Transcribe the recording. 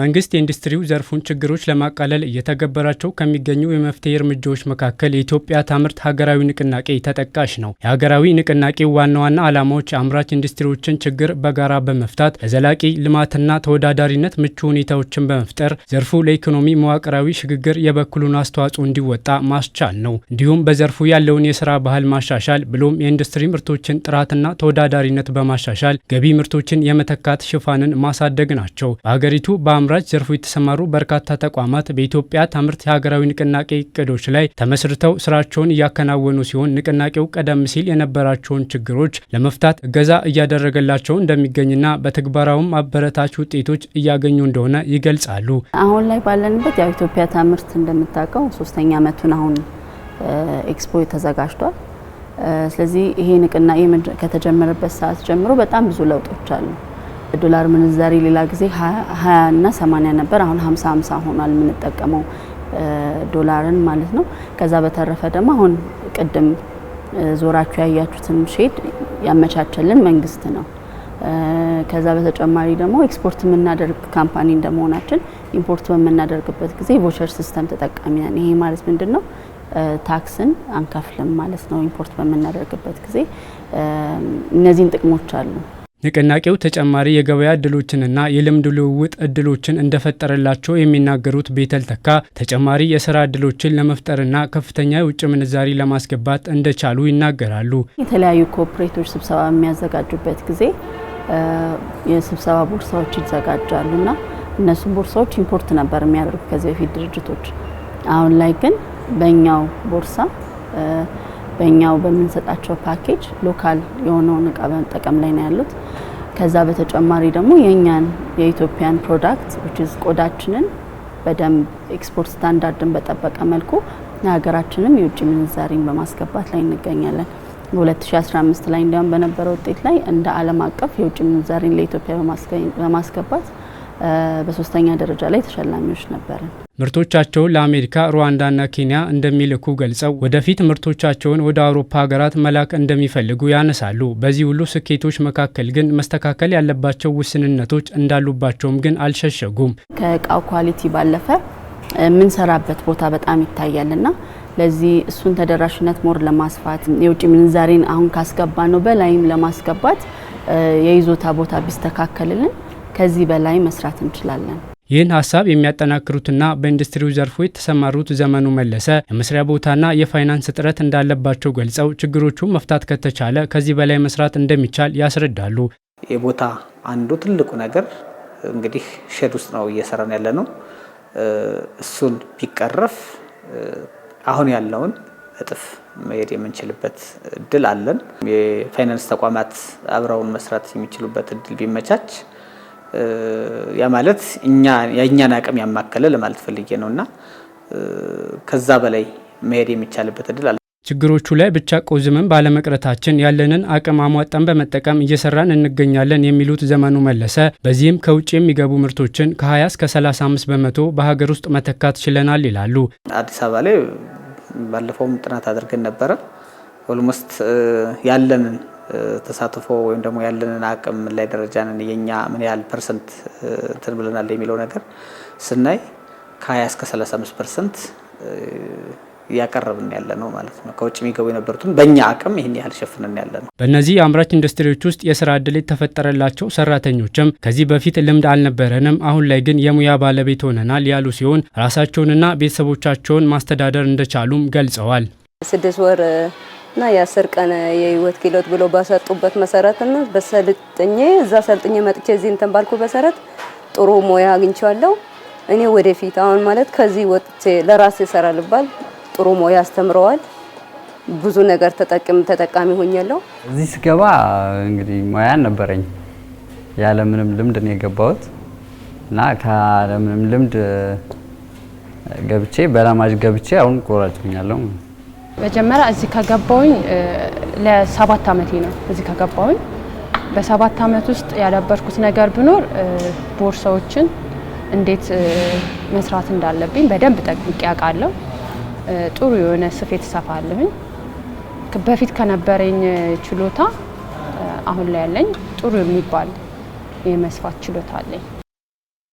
መንግስት የኢንዱስትሪው ዘርፉን ችግሮች ለማቃለል እየተገበራቸው ከሚገኙ የመፍትሄ እርምጃዎች መካከል የኢትዮጵያ ታምርት ሀገራዊ ንቅናቄ ተጠቃሽ ነው። የሀገራዊ ንቅናቄው ዋና ዋና ዓላማዎች አምራች ኢንዱስትሪዎችን ችግር በጋራ በመፍታት ለዘላቂ ልማትና ተወዳዳሪነት ምቹ ሁኔታዎችን በመፍጠር ዘርፉ ለኢኮኖሚ መዋቅራዊ ሽግግር የበኩሉን አስተዋጽኦ እንዲወጣ ማስቻል ነው። እንዲሁም በዘርፉ ያለውን የስራ ባህል ማሻሻል ብሎም የኢንዱስትሪ ምርቶችን ጥራትና ተወዳዳሪነት በማሻሻል ገቢ ምርቶችን የመተካት ሽፋንን ማሳደግ ናቸው። በሀገሪቱ በ አምራች ዘርፉ የተሰማሩ በርካታ ተቋማት በኢትዮጵያ ታምርት የሀገራዊ ንቅናቄ እቅዶች ላይ ተመስርተው ስራቸውን እያከናወኑ ሲሆን ንቅናቄው ቀደም ሲል የነበራቸውን ችግሮች ለመፍታት እገዛ እያደረገላቸው እንደሚገኝና በተግባራውም አበረታች ውጤቶች እያገኙ እንደሆነ ይገልጻሉ። አሁን ላይ ባለንበት ያው ኢትዮጵያ ታምርት እንደምታውቀው ሶስተኛ አመቱን አሁን ኤክስፖ ተዘጋጅቷል። ስለዚህ ይሄ ንቅናቄ ከተጀመረበት ሰዓት ጀምሮ በጣም ብዙ ለውጦች አሉ። ዶላር ምንዛሬ ሌላ ጊዜ 20 እና 80 ነበር። አሁን 50 50 ሆኗል የምንጠቀመው ዶላርን ማለት ነው። ከዛ በተረፈ ደግሞ አሁን ቅድም ዞራችሁ ያያችሁትን ሼድ ያመቻቸልን መንግስት ነው። ከዛ በተጨማሪ ደግሞ ኤክስፖርት የምናደርግ ካምፓኒ እንደመሆናችን ኢምፖርት በምናደርግበት ጊዜ ቮቸር ሲስተም ተጠቃሚ ነን። ይሄ ማለት ምንድን ነው? ታክስን አንከፍልም ማለት ነው ኢምፖርት በምናደርግበት ጊዜ። እነዚህን ጥቅሞች አሉ። ንቅናቄው ተጨማሪ የገበያ እድሎችንና የልምድ ልውውጥ እድሎችን እንደፈጠረላቸው የሚናገሩት ቤተል ተካ ተጨማሪ የስራ እድሎችን ለመፍጠርና ከፍተኛ የውጭ ምንዛሪ ለማስገባት እንደቻሉ ይናገራሉ። የተለያዩ ኮኦፕሬቶች ስብሰባ የሚያዘጋጁበት ጊዜ የስብሰባ ቦርሳዎች ይዘጋጃሉና እነሱም ቦርሳዎች ኢምፖርት ነበር የሚያደርጉ ከዚህ በፊት ድርጅቶች። አሁን ላይ ግን በእኛው ቦርሳ በእኛው በምንሰጣቸው ፓኬጅ ሎካል የሆነውን እቃ በመጠቀም ላይ ነው ያሉት። ከዛ በተጨማሪ ደግሞ የእኛን የኢትዮጵያን ፕሮዳክት ዊችዝ ቆዳችንን በደንብ ኤክስፖርት ስታንዳርድን በጠበቀ መልኩ የሀገራችንም የውጭ ምንዛሪን በማስገባት ላይ እንገኛለን። በ2015 ላይ እንዲያውም በነበረው ውጤት ላይ እንደ ዓለም አቀፍ የውጭ ምንዛሪን ለኢትዮጵያ በማስገባት በሶስተኛ ደረጃ ላይ ተሸላሚዎች ነበርን። ምርቶቻቸውን ለአሜሪካ፣ ሩዋንዳና ኬንያ እንደሚልኩ ገልጸው ወደፊት ምርቶቻቸውን ወደ አውሮፓ ሀገራት መላክ እንደሚፈልጉ ያነሳሉ። በዚህ ሁሉ ስኬቶች መካከል ግን መስተካከል ያለባቸው ውስንነቶች እንዳሉባቸውም ግን አልሸሸጉም። ከእቃው ኳሊቲ ባለፈ የምንሰራበት ቦታ በጣም ይታያልና ለዚህ እሱን ተደራሽነት ሞር ለማስፋት የውጭ ምንዛሬን አሁን ካስገባ ነው በላይም ለማስገባት የይዞታ ቦታ ቢስተካከልልን ከዚህ በላይ መስራት እንችላለን። ይህን ሀሳብ የሚያጠናክሩትና በኢንዱስትሪው ዘርፎ የተሰማሩት ዘመኑ መለሰ የመስሪያ ቦታና የፋይናንስ እጥረት እንዳለባቸው ገልጸው ችግሮቹን መፍታት ከተቻለ ከዚህ በላይ መስራት እንደሚቻል ያስረዳሉ። የቦታ አንዱ ትልቁ ነገር እንግዲህ ሼድ ውስጥ ነው እየሰራን ያለ ነው። እሱን ቢቀረፍ አሁን ያለውን እጥፍ መሄድ የምንችልበት እድል አለን። የፋይናንስ ተቋማት አብረውን መስራት የሚችሉበት እድል ቢመቻች ያ ማለት የእኛን አቅም ያማከለ ለማለት ፈልጌ ነው እና ከዛ በላይ መሄድ የሚቻልበት እድል አለ። ችግሮቹ ላይ ብቻ ቆዝምን ባለመቅረታችን ያለንን አቅም አሟጠን በመጠቀም እየሰራን እንገኛለን የሚሉት ዘመኑ መለሰ፣ በዚህም ከውጭ የሚገቡ ምርቶችን ከ20 እስከ 35 በመቶ በሀገር ውስጥ መተካት ችለናል ይላሉ። አዲስ አበባ ላይ ባለፈውም ጥናት አድርገን ነበረ ኦልሞስት ያለንን ተሳትፎ ወይም ደግሞ ያለንን አቅም ምን ላይ ደረጃ ነን፣ የኛ ምን ያህል ፐርሰንት እንትን ብለናል የሚለው ነገር ስናይ ከ20 እስከ 35 ፐርሰንት እያቀረብን ያለ ነው ማለት ነው። ከውጭ የሚገቡ የነበሩትን በእኛ አቅም ይህን ያህል ሸፍነን ያለ ነው። በእነዚህ የአምራች ኢንዱስትሪዎች ውስጥ የስራ እድል የተፈጠረላቸው ሰራተኞችም ከዚህ በፊት ልምድ አልነበረንም፣ አሁን ላይ ግን የሙያ ባለቤት ሆነናል ያሉ ሲሆን ራሳቸውንና ቤተሰቦቻቸውን ማስተዳደር እንደቻሉም ገልጸዋል። ስድስት ወር እና የአስር ቀን የህይወት ክህሎት ብሎ ባሰጡበት መሰረትና በሰልጥኜ እዛ ሰልጥኜ መጥቼ እዚህ እንትን ባልኩ መሰረት ጥሩ ሙያ አግኝቻለሁ። እኔ ወደፊት አሁን ማለት ከዚህ ወጥቼ ለራሴ እሰራለሁ ባል ጥሩ ሙያ አስተምረዋል። ብዙ ነገር ተጠቅም ተጠቃሚ ሆኛለሁ። እዚህ ስገባ እንግዲህ ሙያ ነበረኝ ያለምንም ልምድ ነው የገባሁት እና ምንም ልምድ ገብቼ በላማጅ ገብቼ አሁን ቆራጭኛለሁ። መጀመሪያ እዚህ ከገባውኝ ለሰባት አመቴ ነው። እዚህ ከገባሁኝ በሰባት አመት ውስጥ ያዳበርኩት ነገር ብኖር ቦርሳዎችን እንዴት መስራት እንዳለብኝ በደንብ ጠንቅቄ አውቃለሁ። ጥሩ የሆነ ስፌት እሰፋለሁኝ። በፊት ከነበረኝ ችሎታ አሁን ላይ ያለኝ ጥሩ የሚባል የመስፋት ችሎታ አለኝ።